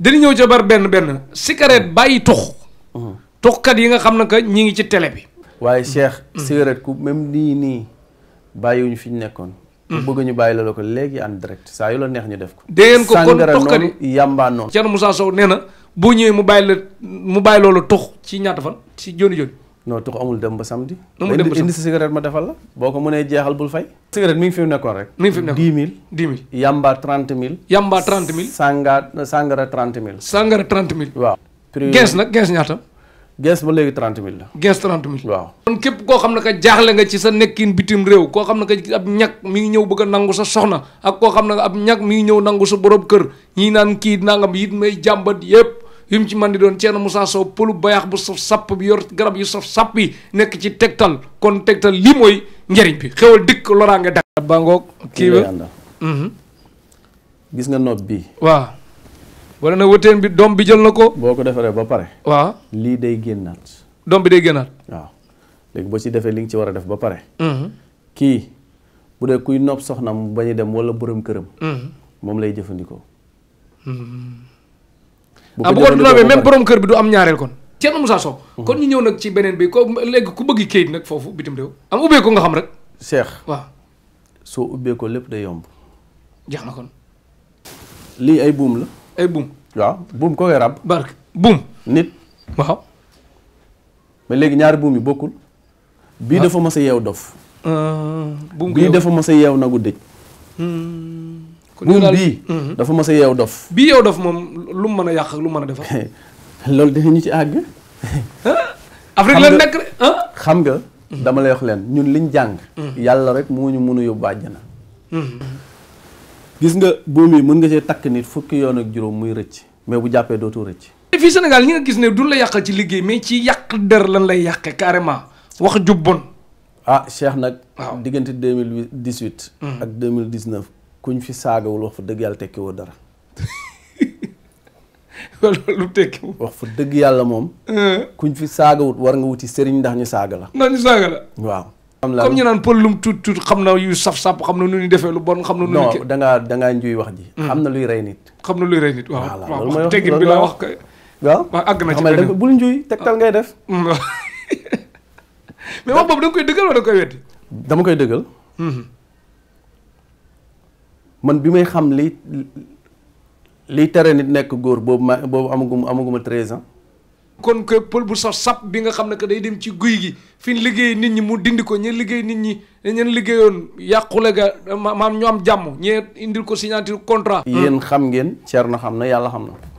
dañu ñëw ca bar benn benn cigarette mm. bàyyi tux mm. tuxkat yi nga xam na que ñi ngi ci télé bi waaye Cheikh mm. cigarette ku même nii nii bàyyiwuñu fi ñu nekkoon bu bëgg ñu bàyyi la ko léegi en direct saa yu la neex ñu def ko déggeen ko kon tuxkat yi yàmbaa noonu Thierno Moussa Sow nee na boo ñëwee mu bàyyi la mu bàyyi loolu tux ci ñaata fan ci joni joni non tux amul dem ba samedi. amul dem ba samedi indi si cigarette ma defal la. boo ko mënee jeexal bul fay. cigarette mi ngi fi mu nekkoon rek. mi ngi fi mu nekkoon dix mille. dix mille yamba trente mille. yamba trente mille. sanga sangara trente mille. sangara trente mille. waaw. prix gees nag gees ñaata. gees ba léegi trente mille la. gees trente mille. waaw kon képp koo xam ne que jaaxle nga ci sa nekkin bitim réew koo xam ne que ab ñag mi ngi ñëw bëgg a nangu sa soxna ak koo xam ne ab ñag mi ngi ñëw nangu sa borom kër ñii naan kii nangam it may jàmbat yépp yi mu ci man di doon Thierno Moussa Sow pëlu bayax bu saf sàpp bi yor garab yu saf sàpp yi nekk ci tegtal kon tegtal lii mooy njëriñ bi xewal dikk loraange dak ba ngoog kii ba mhm. gis nga nopp bi waaw wala na wëteen bi doom bi jël na ko boo ko defaree ba pare waaw lii day génnaat doom bi day génnaat waaw léegi boo ci defee li nga ci war a def ba pare mhm. kii bu dee kuy nopp soxnam bañ a dem wala borom këram mhm. moom lay jëfandikoo ah bu ko nommé même borom kër bi du am ñaareel kon Thierno Moussa Sow kon ñu ñëw nag ci beneen bi ko léegi ku bëgg kayit nag foofu bitim réew am ubbee ko nga xam rek Cheikh waaw soo ubbee ko lépp day yomb jeex na kon lii ay buum la ay buum waaw buum ko weer am barke buum nit waaw mais léegi ñaari buum yi bokkul bii ah. dafa mas a yeew dof ah, buum bii dafa mas a yeew hmm. hmm. yeew dof bii yeew dof moom lu mu mën a yàq ak lu mën a defar. loolu defe ñu ci àgg. Afrique la nekk ah? xam nga mm-hmm. dama lay wax leen ñun liñ jàng. Mm-hmm. yàlla rek moo ñu mun a yóbbu àjjana. Mm-hmm. gis nga buum yi mën nga see takk nit fukki yoon ak juróom muy rëcc mais bu jàppee dootoo rëcc. fii Sénégal ñi nga gis ne du la yàqal ci liggéey mais ci yàq dër lan lay yàqee carrément wax jub bon. ah Cheikh nag. waaw diggante deux mille dix huit. Mm. ak deux mille dix neuf kuñ fi saagawul wax fa dëgg yàlla tekki dara. loolu tekki wax fa dëgg yàlla moom. Eh. kuñ fi saaga wut war nga wuti sëriñ ndax ñu saaga la. ndax ñu saaga la. waaw. am comme ñu naan pël lum tuut tuut xam na yu saf sap xam na nu ñuy defee lu bon xam na. nu ñu non da ngaa da ngaa wax ji. Hmm. xam na luy rey nit. xam na luy rey nit waaw. waaw loolu teggin bi la wax kay. waaw àgg na ci beneen bul njuy tegtal ngay def. Hmm. mais wax boobu da nga koy dëggal wala da koy weddi. dama koy dëggal. Hmm. man bi may xam li liy tere nit nekk góor boobu ma boobu amagum amaguma treize ans kon que pël bu saf sap bi nga xam ne que day dem ci guy gi fi ñu liggéey nit ñi mu dindi ko ñu liggéey nit ñi ñeen liggéeyoon yàqule ga maam ñu am jàmm ñee indil ko signature contrat yéen xam ngeen na xam na yàlla xam na